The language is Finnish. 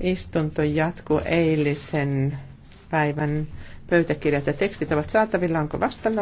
Istunto jatkuu eilisen päivän pöytäkirjat ja tekstit ovat saatavilla. Onko vastana?